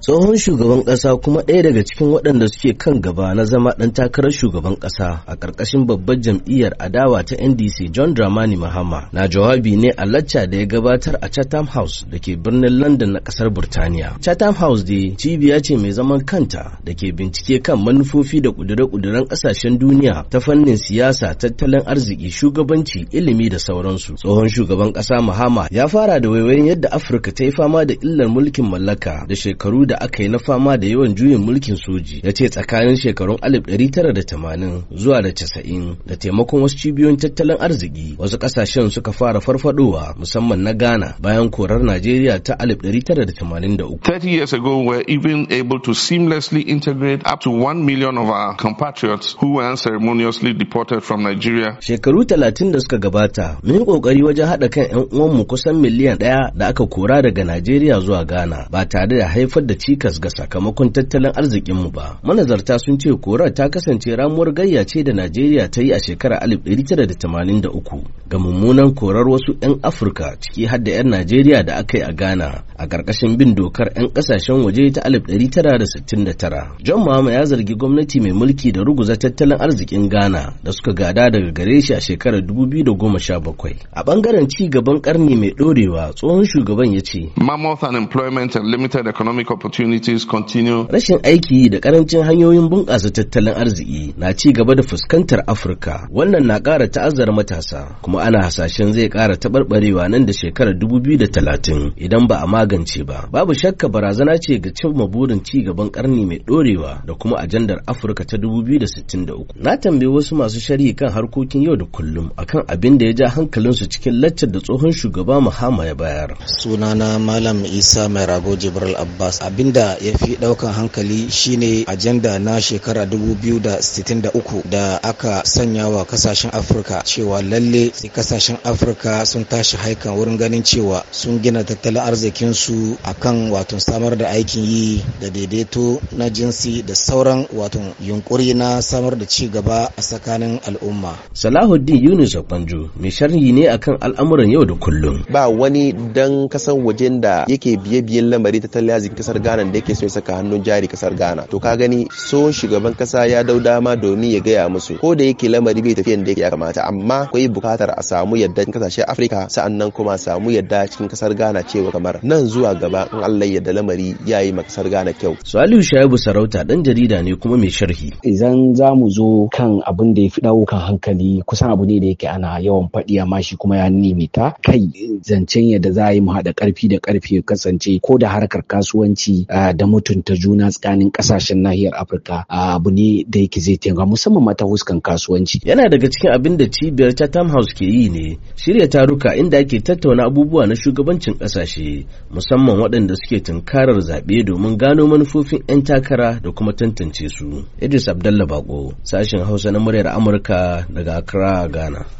tsohon shugaban ƙasa kuma ɗaya daga cikin waɗanda suke kan gaba na zama ɗan takarar shugaban ƙasa a ƙarƙashin babbar jam'iyyar adawa ta ndc john dramani mahama na jawabi ne a lacca da ya gabatar a chatham house da ke birnin london na ƙasar burtaniya chatham house dai cibiya ce mai zaman kanta da ke bincike kan manufofi da ƙudure-ƙuduren ƙasashen duniya ta fannin siyasa tattalin arziki shugabanci ilimi da sauransu tsohon shugaban ƙasa mahama ya fara da waiwayin yadda afirka ta yi fama da illar mulkin mallaka da shekaru da aka yi na fama da yawan juyin mulkin soji ya ce tsakanin shekarun 1980 zuwa da 90 da taimakon wasu cibiyoyin tattalin arziki wasu kasashen suka fara farfadowa musamman na Ghana bayan korar Najeriya ta 1983. 30 years ago we were even able to seamlessly integrate up to 1 million of our compatriots who were unceremoniously deported from Nigeria. Shekaru 30 da suka gabata mun yi kokari wajen hada kan 'yan uwanmu kusan miliyan ɗaya da aka kora daga Najeriya zuwa Ghana ba tare da haifar da cikas ga sakamakon tattalin arzikinmu ba. Manazarta sun ce korar ta kasance ramuwar gayya ce da Najeriya ta yi a shekara 1983 ga mummunan korar wasu 'yan Afirka ciki har da 'yan Najeriya da aka yi a Ghana a ƙarƙashin bin dokar 'yan ƙasashen waje ta 1969. John Mahama ya zargi gwamnati mai mulki da ruguza tattalin arzikin Ghana da suka gada daga gare shi a shekarar 2017. A ɓangaren ci gaban ƙarni mai ɗorewa tsohon shugaban ya ce. Mammoth unemployment and limited economic Opportunity opportunities continue. Rashin aiki da karancin hanyoyin bunƙasa tattalin arziki na ci gaba da fuskantar Afirka. Wannan na ƙara ta'azzara matasa kuma ana hasashen zai ƙara taɓarɓarewa nan da shekarar 2030 idan ba a magance ba. Babu shakka barazana ce ga cimma burin ci gaban ƙarni mai ɗorewa da kuma ajandar Afirka ta 2063. Na tambayi wasu masu sharhi kan harkokin yau da kullum akan abin da ya ja hankalinsu cikin laccar da tsohon shugaba Muhammad ya bayar. Sunana Malam Isa Mai Rabo Jibril Abbas. abinda ya fi daukan hankali shine ajanda na shekara 2063 da aka sanya wa kasashen afirka cewa lalle sai kasashen afirka sun tashi haikan wurin ganin cewa sun gina tattalin arzikinsu akan wato samar da aikin yi da daidaito na jinsi da sauran wato yunkuri na samar da ci gaba a tsakanin al'umma salahuddin yunus kwanjo mai sharhi ne akan al'amuran yau da kullum ba wani dan kasan wajen da yake biye-biyen lamari tattalin arzikin kasar Ghana da yake so ya saka hannun jari kasar Ghana to ka gani so shugaban kasa ya dau dama domin ya gaya musu ko da yake lamari bai tafiya da ya kamata amma akwai bukatar a samu yadda cikin kasashen Afirka sa'annan kuma samu yadda cikin kasar Ghana cewa kamar nan zuwa gaba in Allah yadda lamari ya yi ma kasar Ghana kyau Salihu Shaibu Sarauta dan jarida ne kuma mai sharhi idan za mu zo kan abin da ya fi dawo kan hankali kusan abu ne da yake ana yawan faɗi amma shi kuma ya nemi ta? kai zancen yadda za a yi mu haɗa ƙarfi da ƙarfi kasance ko da harkar kasuwanci da mutunta juna tsakanin kasashen nahiyar afirka abu ne da yake zai taimaka musamman mata huskan kasuwanci yana daga cikin abin da cibiyar chatham house ke yi ne shirya taruka inda ake tattauna abubuwa na shugabancin kasashe musamman waɗanda suke tunkarar zaɓe domin gano manufofin 'yan takara da kuma tantance su idris abdallah bako sashen hausa na muryar amurka daga accra ghana